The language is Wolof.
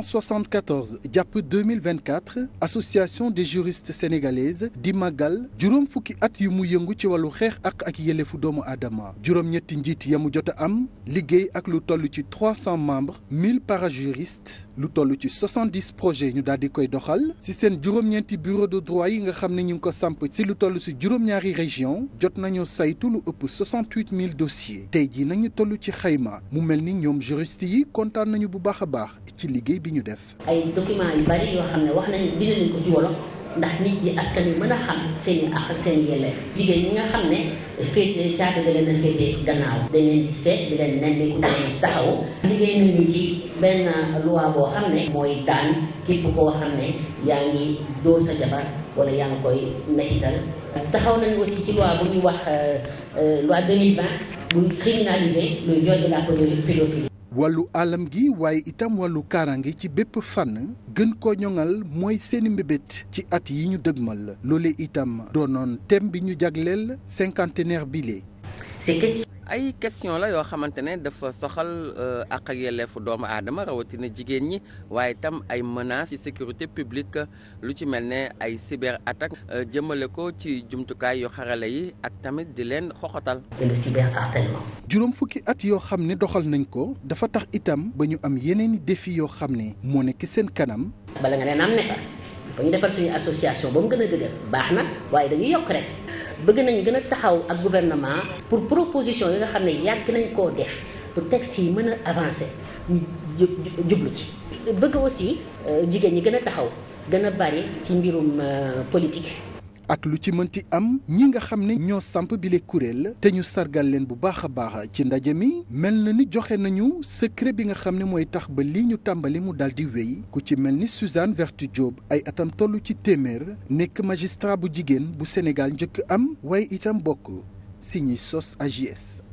1974 jàpp 2024 association des juristes sénégalaises di màggal juróom fukki at yu mu yëngu ci wàllu xeex ak ak yëlefu doomu aadama juróom-ñetti njiit ya mu jot a am liggéey ak lu toll ci 300 membres 1000 parajuristes lu toll ci 70 projets ñu daal di koy doxal si seen juróom-ñeenti bureau de droit yi nga xam ne ñu ngi ko samp si lu toll si juróom-ñaari région jot nañu saytu lu ëpp 68000 dossiers tey jii nañu tollu ci xayma mu mel ni ñoom juriste yi kontaan nañu bu baax a baax ci liggéey bi ñu def. ay documents yu bari yoo xam ne wax nañu bind ko ci wolof. ndax nit yi askan yu mën a xam seen i ak seen yelleef jigéen ñi nga xam ne féete caada da leen féete gannaaw dañ seet di leen nemmeeku di leen taxaw liggéey nañu ci benn loi boo xam ne mooy daan képp koo xam ne yaa ngi dóor sa jabar wala yaa ngi koy mettital taxaw nañu aussi ci loi bu ñuy wax euh, euh, loi 2020 buy criminaliser le viol de la pédophilie wàllu alam gi waaye itam wàllu kaaraange ci bépp fànn gën koo ñoŋal mooy seeni mbébét ci at yi ñu dëgmal loole itam doonoon thème bi ñu jagleel cinquantenaire bile. ay question la yoo xamante ne dafa soxal euh, ak ak yelleefu doomu aadama rawatina jigéen ñi waaye itam ay menaces ci sécurité publique lu ci mel ne ay cyber attaque euh, jëmale ko ci jumtukaay yu xarale yi ak tamit di leen xoxotal. juróom fukki at yoo xam ne doxal nañ ko dafa tax itam ba ñu am yeneeni défi yoo xam ne moo nekk seen kanam. bala nga ne naam ne fa fa ñu defar suñu association ba mu gën a dëgër baax na waaye dañuy yokk rek. bëgg nañ gën a taxaw ak gouvernement pour proposition yi nga xam ne yàgg nañ koo def pour texte yi mën a avancer ñu jublu ci bëgg aussi euh, jigéen ñi gën a taxaw gën a bari ci mbirum euh, politique ak lu ci mënti am ñi nga xam ne ñoo samp bile kuréel te ñu sargal leen bu baax a baax ci ndaje mi mel na ni joxe nañu secret bi nga xam ne mooy tax ba lii ñu tàmbali mu daal di wéy ku ci mel ni Suzanne Vertu Diop ay atam toll ci téeméer nekk magistrat bu jigéen bu Sénégal njëkk am waaye itam bokk si ñi sos AJS